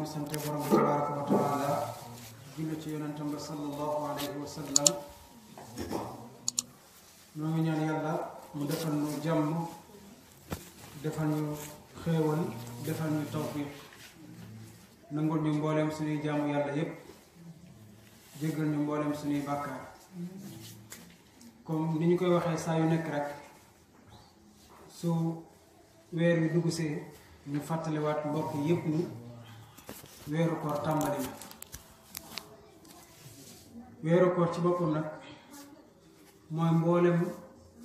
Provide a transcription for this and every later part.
bi sante borom bi ci yonentam ba sallallahu alayhi ñoo ngi ñaan mu defal ñu jàmm defal ñu xéewal defal ñu tawfiq nangul ñu mbooleem suñuy jaamu yàlla koy waxee saa yu nekk rek su weer wi dugg ñu fàttaliwaat mbokk yépp ni weeru koor tàmbali na weeru koor ci boppam nag mooy mboolem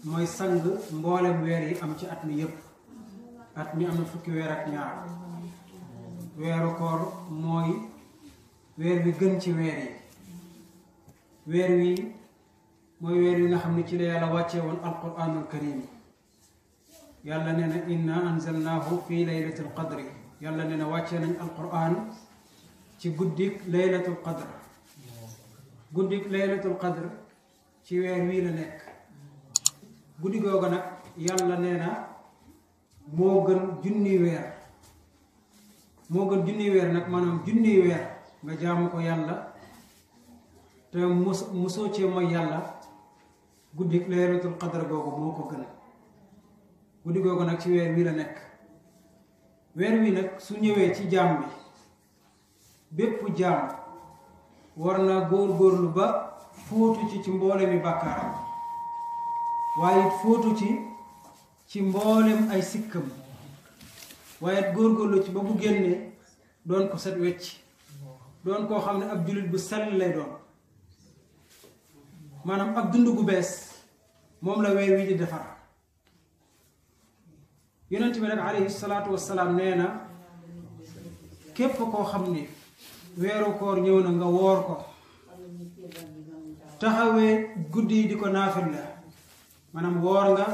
mooy sang mboolem weer yi am ci at mi yëpp at mi am na fukki weer ak ñaar weeru koor mooy weer wi gën ci weer yi weer wi mooy weer wi nga xam ne ci la yàlla wàccee woon alquranul karim yàlla nee na inna anzalnaahu fi laylatil qadri yàlla wàccee nañ alquran ci guddik laylatul qadr guddik laylatul qadr ci weer wii la nekk guddi googu nag yàlla nee na moo gën junni weer moo gën junni weer nag maanaam junni weer nga jaamu ko yàlla te mus musoo cee mooy yàlla guddik laylatul qadr googu moo ko gën guddi googu nag ci weer wii la nekk weer wii nag su ñëwee ci jaam bi bépp jaam war naa góorlu ba fóotu ci ci mboole mi bàkkaaram waaye it fóotu ci ci mboolem ay sikkam waaye it góorgóorlu ci ba mu génnee doon ko set wecc doon koo xam ne ak jullit bu sell lay doon maanaam ak dund gu bees moom la weer wi di defar yonent bi nag alayhi salaatu wassalaam nee na képp koo xam ne weeru koor ñëw na nga woor ko taxawee guddi yi di ko naafil la maanaam woor nga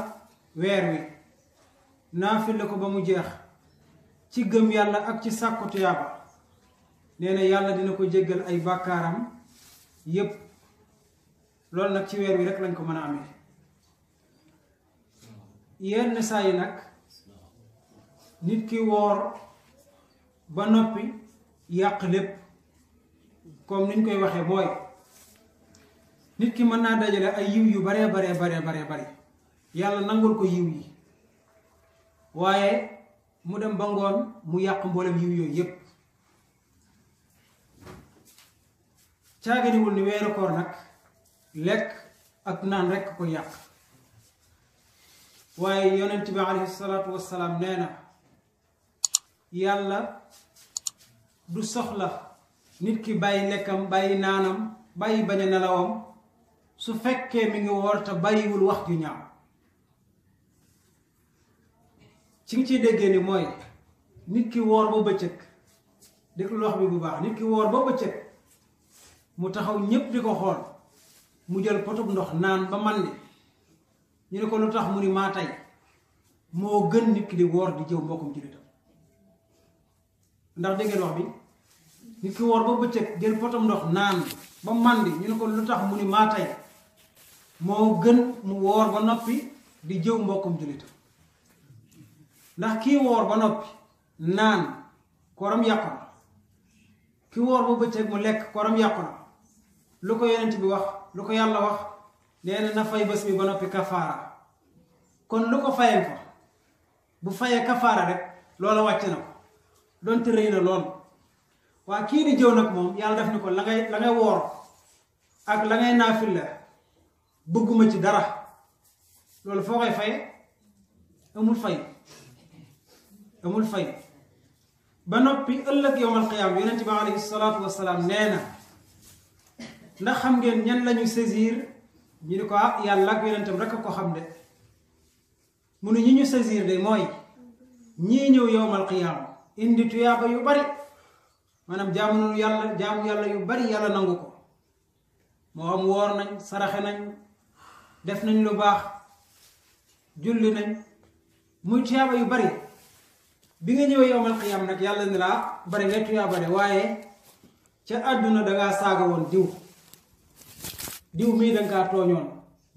weer wi naafil la ko ba mu jeex ci gëm yàlla ak ci sàkku tuyaaba nee na yàlla dina ko jéggal ay bàkkaaram yépp loolu nag ci weer wi rek lañ ko mën a amee yenn saa nag nit ki woor ba noppi yàq lépp comme niñ koy waxee mooy nit ki mën naa dajale ay yiw yu baree baree baree baree bare yàlla nangul ko yiw yi waaye mu dem ba ngoon mu yàq mboolem yiw yooyu yépp caaganiwul ni weeru nag lekk ak naan rekk ko yàq waaye yonent bi alayhi salaatu wassalaam nee na yàlla du soxla nit ki bàyyi lekkam bàyyi naanam bàyyi bañ a nelawam su fekkee mi ngi woor te bàyyiwul wax ju ñaaw ci ngi ciy déggee ni mooy nit ki woor ba bëccëg déglu wax bi bu baax nit ki woor ba bëccëg mu taxaw ñépp di ko xool mu jël potub ndox naan ba man ni ñu ne ko lu tax mu ni maa tey moo gën nit ki di woor di jëw mbokkum jullitam ndax dégg wax bi nit ki woor ba bëccëg jël potam ndox naan ba màndi ñu ne ko lu tax mu ni maa moo gën mu woor ba noppi di jëw mbokkum jullitam ndax kii woor ba noppi naan kooram yàqu na ki woor ba bëccëg mu lekk kooram yàqu na lu ko yonent bi wax lu ko yàlla wax nee na na fay bés bi ba noppi kafaara kon lu ko fayee ko bu fayee kafaara rek loola wàcc na ko doonte rëy na lool waa kii di jëw nag moom yàlla def ni ko la ngay la ngay woor ak la ngay naafila bëgguma ci dara loolu foo koy fay amul fay amul fay ba noppi ëllëg yowmal qiyaam yonent bi alayhi salaatu wasalaam nee na ndax xam ngeen ñan lañu saisir ñu ni ko ah yàlla ak yonentam rekk ko xam de mu ne ñi ñu saisir de mooy ñii ñëw yowmal qiyaam indi tuyaaba yu bari maanaam jaamu nañu yàlla jaamu yàlla yu bari yàlla nangu ko moo xam woor nañ saraxe nañ def nañ lu baax julli nañ muy tuyaaba yu bari bi nga ñëwee yowmal qiyaam nag yàlla ni laa ah, bari nga tuyaaba de waaye ca àdduna dangaa saaga woon diw diw mii dangaa tooñoon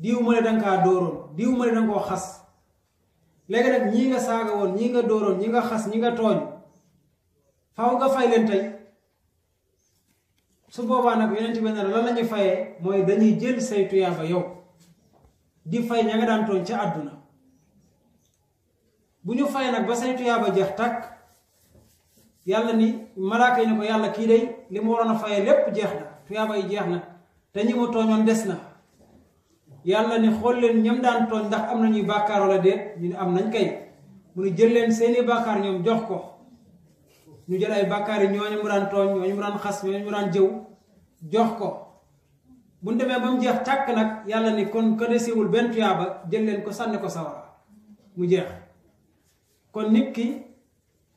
diw ma ne dangaa dóoroon diw ma ne danga koo xas léegi nag ñii nga saaga woon ñii nga dóoroon ñi nga xas ñi nga tooñ faw nga fay leen tey su boobaa nag yonent bi ne la lan la ñuy fayee mooy dañuy jël say tuyaaba yow di fay ña nga daan tooñ ca àdduna bu ñu fay nag ba say tuyaaba jeex tàkk yàlla ni malaaka yi ne ko yàlla kii day li mu waroon a fayee lépp jeex na tuyaaba yi jeex na te ñi mu tooñoon des na yàlla ni xool leen ñam daan tooñ ndax am nañuy bàkkaar wala déet ñu ne am nañ kay mu ne jël leen seeni bàkkaar ñoom jox ko ñu jël ay bakkar yi ñooñu mu daan tooñ muran mu daan xas ñooñu mu daan jëw jox ko bu ñu demee ba mu jeex tàkk ni kon ko wul benn tuyaaba jël leen ko sànni ko sawara mu jeex kon nit ki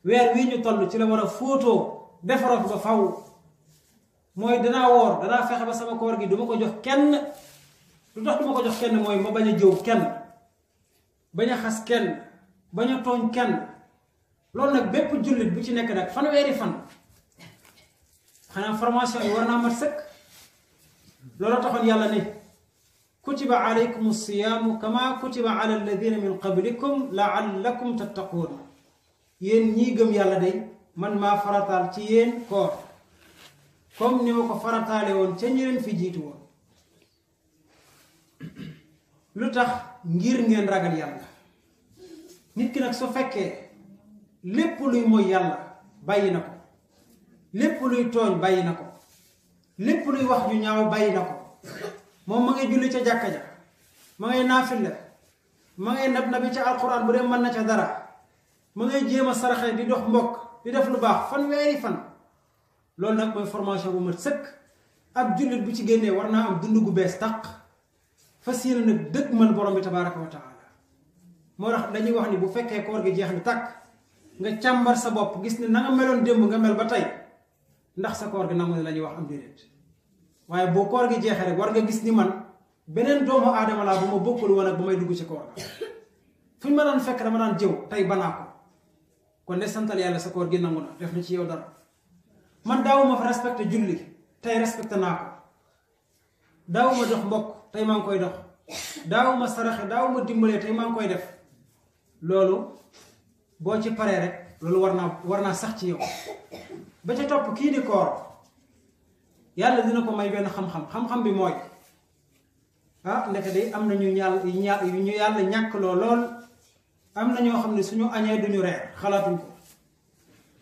weer wii ñu toll ci la war a fóotoo ba faw mooy danaa woor danaa fexe ba sama koor gi duma ko jox kenn du tax duma ko jox kenn mooy ma bañ a jëw kenn bañ a kenn bañ a kenn loolu nag bépp jullit bu ci nekk nag fanweeri fan xanaa formation yi war naa mat sëkk loolu taxoon yàlla ne kutiba alaykum siyaamu kama kutiba ala alladina min qablikum laallakum tattaquun yéen ñii gëm yàlla day man maa farataal ci yéen koor comme ni ma ko farataale woon ca ñi leen fi jiitu woon lu tax ngir ngeen ragal yàlla nit ki nag su fekkee lépp luy mooy yàlla bàyyi na ko lépp luy tooñ bàyyi na ko lépp luy wax ju ñaaw bàyyi na ko moom ma ngay julli ca jàkka ja ma ngay la ma ngay nab nabi ca alxuraan bu dee mën na ca dara ma ngay jéem a saraxe di dox mbokk di def lu baax fan weeri fan loolu nag mooy formation bu mat sëkk ak jullit bu ci génnee war naa am dund gu bees tàq fas yéene nag dëkk man borom bi tabaaraka wa taala moo tax dañuy wax ni bu fekkee koor gi jeex na tàkk nga càmbar sa bopp gis ne na nga meloon démb nga mel ba tey ndax sa koor gi nangu ne la ñuy wax am déedéet waaye boo koor gi jeexee rek war nga gis ni man beneen doomu aadama laa bu ma bokkul woon bu may dugg ci koor ga fu ñu ma daan fekk dama daan jëw tey banaa ko kon de santal yàlla sa koor gi nangu na def na ci yow dara man daawuma fa respecté julli tey respecté naa ko daawuma dox mbokk tey maa ngi koy dox daawuma saraxe daawuma dimbalee tey maa ngi koy def loolu boo ci paree rek loolu war naa war naa sax ci yow ba ca topp kii di koor yàlla dina ko may benn xam-xam xam-xam bi mooy ah ndeke de am na ñu ñàll ñu yàlla ñàkk loo lool am na ñoo xam ne suñu añee duñu reer xalaatuñ ko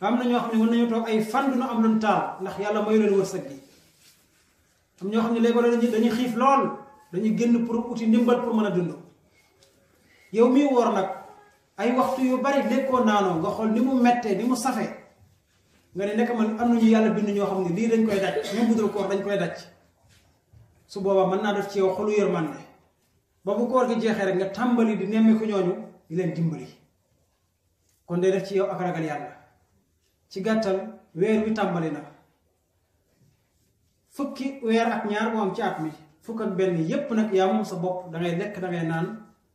am na ñoo xam ne mën nañu toog ay fan duñu am luñ taal ndax yàlla mayu leen wërsëg gi am ñoo xam ne léegi dañuy dañuy xiif lool dañuy génn pour uti ndimbal pour mën a dund yow miy woor nag. ay waxtu yu bari lekkoo naanoo nga xool ni mu mettee ni mu safe nga ne nekk man am nañu yàlla bind ñoo xam ne lii dañ koy daj même bu dul koor dañ koy daj su boobaa mën naa def ci yow xolu yërmande ba bu koor gi jeexee rek nga tàmbali di nemmeeku ñooñu di leen dimbali kon day def ci yow ak ragal yàlla ci gàttal weer wi tàmbali na fukki weer ak ñaar moom am ci at mi fukk ak benn yépp nag yaa moom sa bopp da ngay lekk da ngay naan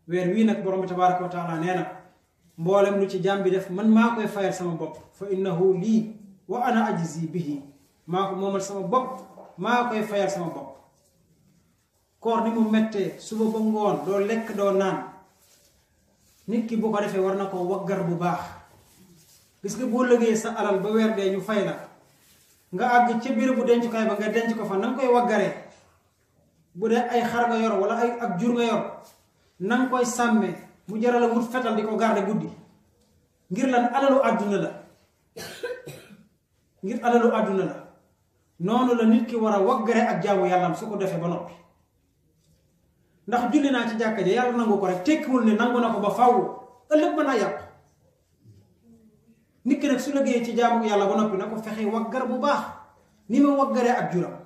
weer wii nag borom bi tabaaraka wa nee na mboolem lu ci jambi def man makoy fayal sama bop fa innahu li wa ana ajzi bihi mako momal sama bop makoy fayal sama bop koor ni mu mettee suba ba ngol do lek do nan nit ki bu ko defee war nako wagar bu baax gis nga bo sa alal ba wer de ñu fay la nga ag ci bir bu dencukaay ba nga denc ko fa nang koy wagaré bu de ay xar nga yor wala ay ak jur nga yor nang koy samé mu jaral wut fetal di garder guddi ngir lan alalu aduna la ngir alalu aduna la nonu la nit ki wara wagare ak jaamu yalla su ko defee ba noppi ndax julli ci jakka ja yalla nangu ko rek tekkul ne nangu na ba faw ëllëg mën na yàqu nit ki nag su liggéeyee ci jaamu yalla ba noppi nako ko wagar bu baax ni ma wagare ak juram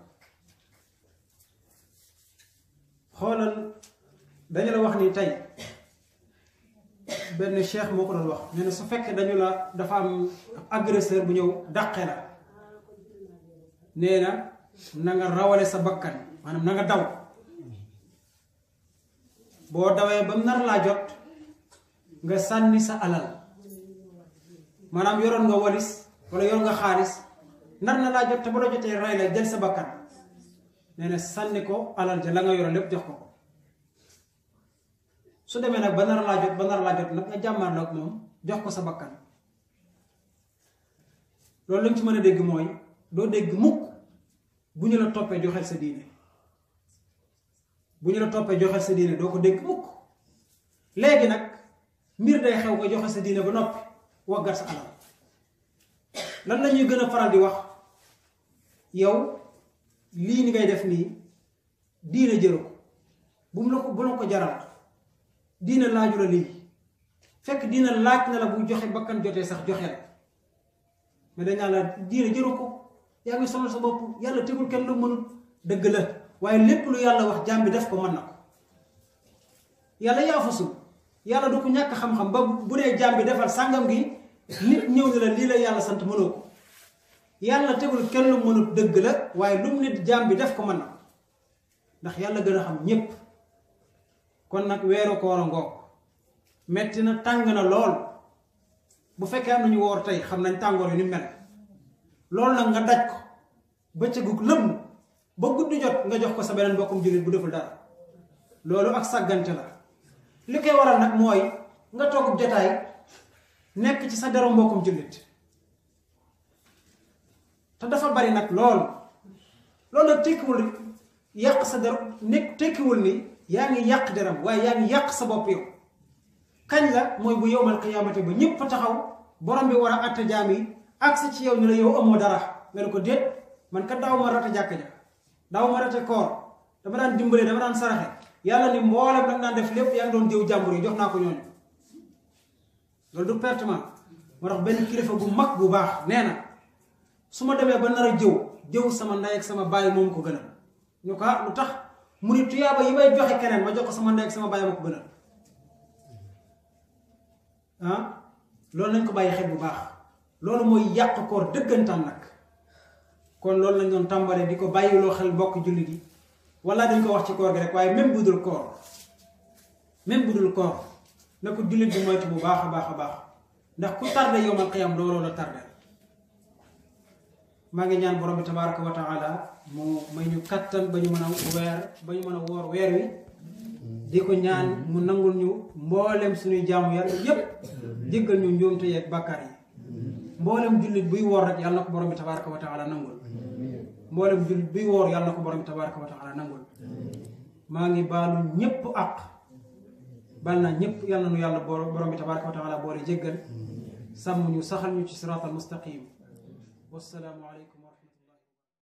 xolal dañ la wax ni tay benn cheikh moo ko doon wax nee su fekkee dañu la dafa am agresseur bu ñëw dàqe la nee na na rawale sa bakkan maanaam nanga nga daw boo dawee ba mu nar laa jot nga sànni sa alal maanaam yoroon nga walis wala yoroon nga xaalis nar na laa jot te ba la jotee rey la jël sa bakkan nee na sànni ko alal ja la nga yoroon lépp jox ko ko su demee nag ba nar laa jot ba nar laa jot nag nga jàmmaarloog moom jox ko sa bakkan loolu lañ ci mën a dégg mooy doo dégg mukk bu ñu la toppee joxeel sa diine bu ñu la toppee joxeel sa diine doo ko dégg mukk léegi nag mbir day xew nga sa diine ba noppi waggar sa alal lan la ñuy gën a faral di wax yow lii ni ngay def nii diine jëru ko bu mu la ko bu la ko jaral diina laaju la lii fekk diina laaj na la bu joxe bakkan jotee sax joxe la mais dañaa la diina jëru ko yaa ngi sonal sa bopp yàlla tegul kenn lu mënul dëgg la waaye lépp lu yàlla wax jaam def ko mën na ko yàlla yaafasul yàlla du ko ñàkk xam-xam bu dee jaam bi defal gi nit ñëw ni la lii la yàlla sant mënoo ko yàlla tegul kenn lu mënut dëgg la waaye lu mu nit jaam bi def ko man na ndax yàlla gën a xam ñépp kon nag weeru koor a ngoog metti na tàng na lool bu fekkee am nañu woor tey xam nañ tàngoor yu ni mel loolu nag nga daj ko bëccëgug lëmm ba guddi jot nga jox ko sa beneen bokkum jullit bu deful dara loolu ak sàggante la li koy waral nag mooy nga toogub jotaay nekk ci sa deru mbokkum jullit te dafa bari nag lool loolu nag tekkiwul yàq sa deru nekk tekkiwul ni yani yak yàq deram waaye yak ngi yàq sa bopp yow kañ la mooy bu yowmal qiyaamate ba ñëpp taxaw borom bi war a atta jaam yi agsi ci yow ñu la yow amoo dara nga ne ko déet man kat daw ma rate jàkk ja daw ma rate koor dama daan dimbale dama daan saraxe yàlla ni mboolem danga daan def lépp yaa ngi doon jëw jàmbur yi jox naa ko ñooñu loolu du pertement moo tax benn kilifa bu mag bu baax nee na su ba nar a jëw sama ndey ak sama bàyyi moom ko gën ñu ko ah, lu mu ni tuyaaba yi may joxe keneen ma jox ko sama ndey ak sama bàyyi ma ko gënal ah loolu nañ ko bàyyi xel bu baax loolu mooy yàq koor dëggantaan nag kon loolu lañ doon tàmbalee di ko bàyyiloo xel bokk jullit yi wala dañ ko wax ci koor gi rek waaye même bu dul koor même bu dul koor na ko jullit bi moytu bu baax a baax a baax ndax ku tardé yomal xiyam looloo a tardé. maa ngi ñaan borom bi tabaraka wa taala mo may ñu kattal bañu mëna wër bañu mëna wor wër wi diko ñaan mu nangul ñu mbolem suñu jaamu yalla yépp diggal ñu njuumte yeeg bakkar yi mbolem jullit buy wor rek yalla ko borom bi wa taala nangul mbolem jullit buy wor yalla ko borom bi wa taala nangul maa ngi baalu ak àq bal na ñépp na nu yàlla borom bi tabaraka wa taala boole jéggal sàmm ñu saxal ñu ci siratal mustaqim والسلام عليكم